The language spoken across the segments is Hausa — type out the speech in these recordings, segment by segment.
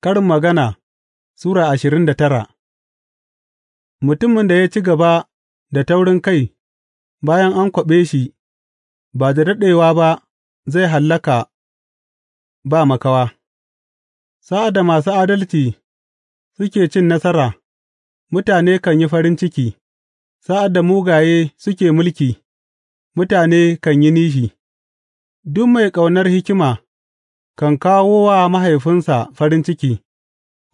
Karin Magana Sura ashirin da tara Mutumin da ya ci gaba da taurin kai bayan an kwaɓe shi, ba da daɗewa ba zai hallaka ba makawa; sa'ad da masu adalci suke cin nasara, mutane kan yi farin ciki; sa'ad da mugaye suke mulki, mutane kan yi nishi; duk mai ƙaunar hikima. kan kawo wa mahaifinsa farin ciki,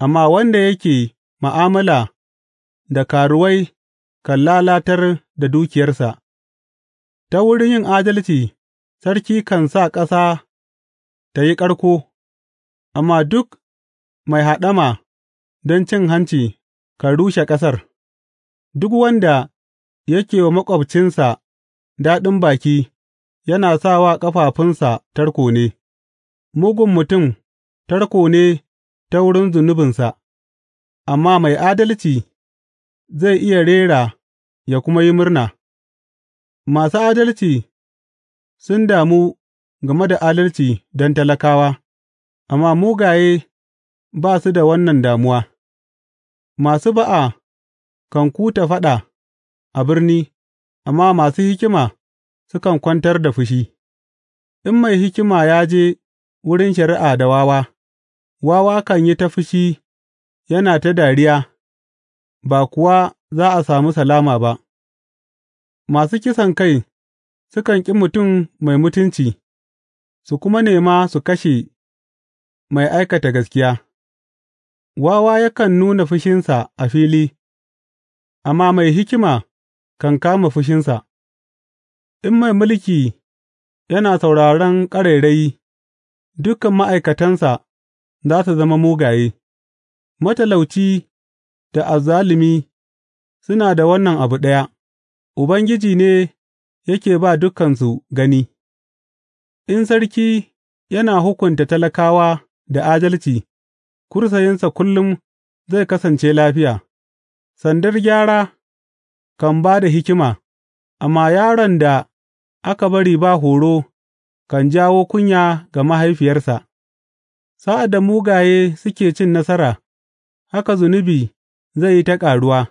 amma wanda yake ma'amala da karuwai kan lalatar da dukiyarsa, ta wurin yin adalci sarki kan sa ƙasa ta yi ƙarko, amma duk mai haɗama don cin hanci kan rushe ƙasar, duk wanda yake wa maƙwabcinsa daɗin baki yana sa wa ƙafafunsa tarko ne. Mugun mutum tarko ne ta wurin zunubinsa, amma mai adalci zai iya rera ya kuma yi murna; masu adalci sun damu game da adalci don talakawa, amma mugaye ba su da wannan damuwa; masu ba'a kan kuta faɗa a birni, amma masu hikima sukan kwantar da fushi, in mai hikima ya je. wurin shari'a da wawa, wawa kan yi ta fushi yana ta dariya, ba kuwa za a sami salama ba, masu kisankai sukan ƙi mutum mai mutunci, su kuma nema su kashe mai aikata gaskiya, wawa yakan nuna fushinsa a fili, amma mai hikima kan kama fushinsa, in mai mulki yana sauraron ƙarairayi. dukan ma'aikatansa za su zama mugaye; matalauci da azzalumi suna da wannan abu ɗaya, Ubangiji ne yake ba dukansu gani; in sarki yana hukunta talakawa da adalci, kursayinsa kullum zai kasance lafiya, sandar gyara kan ba da hikima, amma yaron da aka bari ba horo. kan jawo kunya ga mahaifiyarsa; sa'ad da mugaye suke cin nasara, haka zunubi zai yi ta ƙaruwa,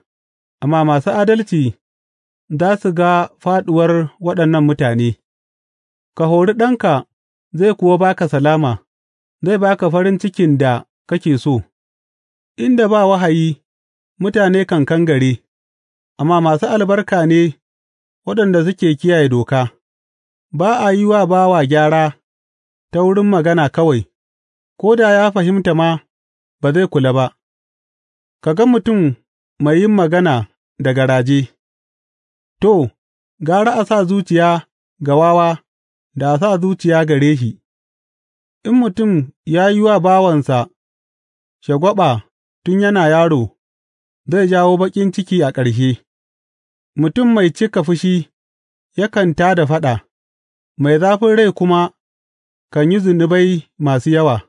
amma masu adalci za su ga fāɗuwar waɗannan mutane; ka hori ɗanka zai kuwa ba ka salama, zai ba ka farin cikin da kake so; inda ba wahayi, mutane kan kangare, amma masu albarka ne waɗanda suke kiyaye doka. Ba a yi wa bawa gyara ta wurin magana kawai, ko da ya fahimta ma, ba zai kula ba; ka ga mutum mai yin magana da garaje, to, gara a sa zuciya ga wawa da a sa zuciya gare shi, in mutum ya yi wa bawansa shagwaɓa tun yana yaro, zai jawo baƙin ciki a ƙarshe; mutum mai cika fushi yakan tā da faɗa. Mai zafin rai kuma kan yi zunubai masu yawa;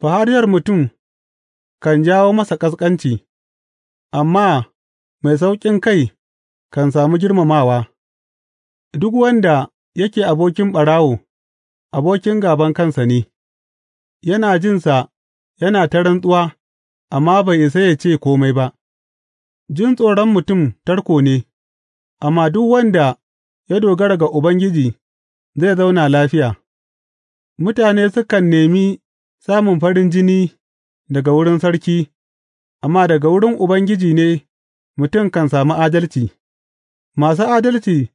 fahariyar mutum kan jawo masa ƙasƙanci, amma mai sauƙin kai kan sami girmamawa Duk wanda yake abokin ɓarawo, abokin gaban kansa ne; yana jinsa yana ta rantsuwa amma bai isa ya ce kome ba Jin tsoron mutum tarko ne, amma duk wanda ya dogara ga Ubangiji. zai zauna lafiya; mutane sukan nemi samun farin jini daga wurin sarki, amma daga wurin Ubangiji ne mutum kan sami adalci; masu adalci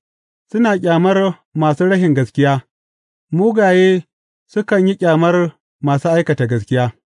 suna ƙyamar masu rashin gaskiya, mugaye sukan yi ƙyamar masu aikata gaskiya.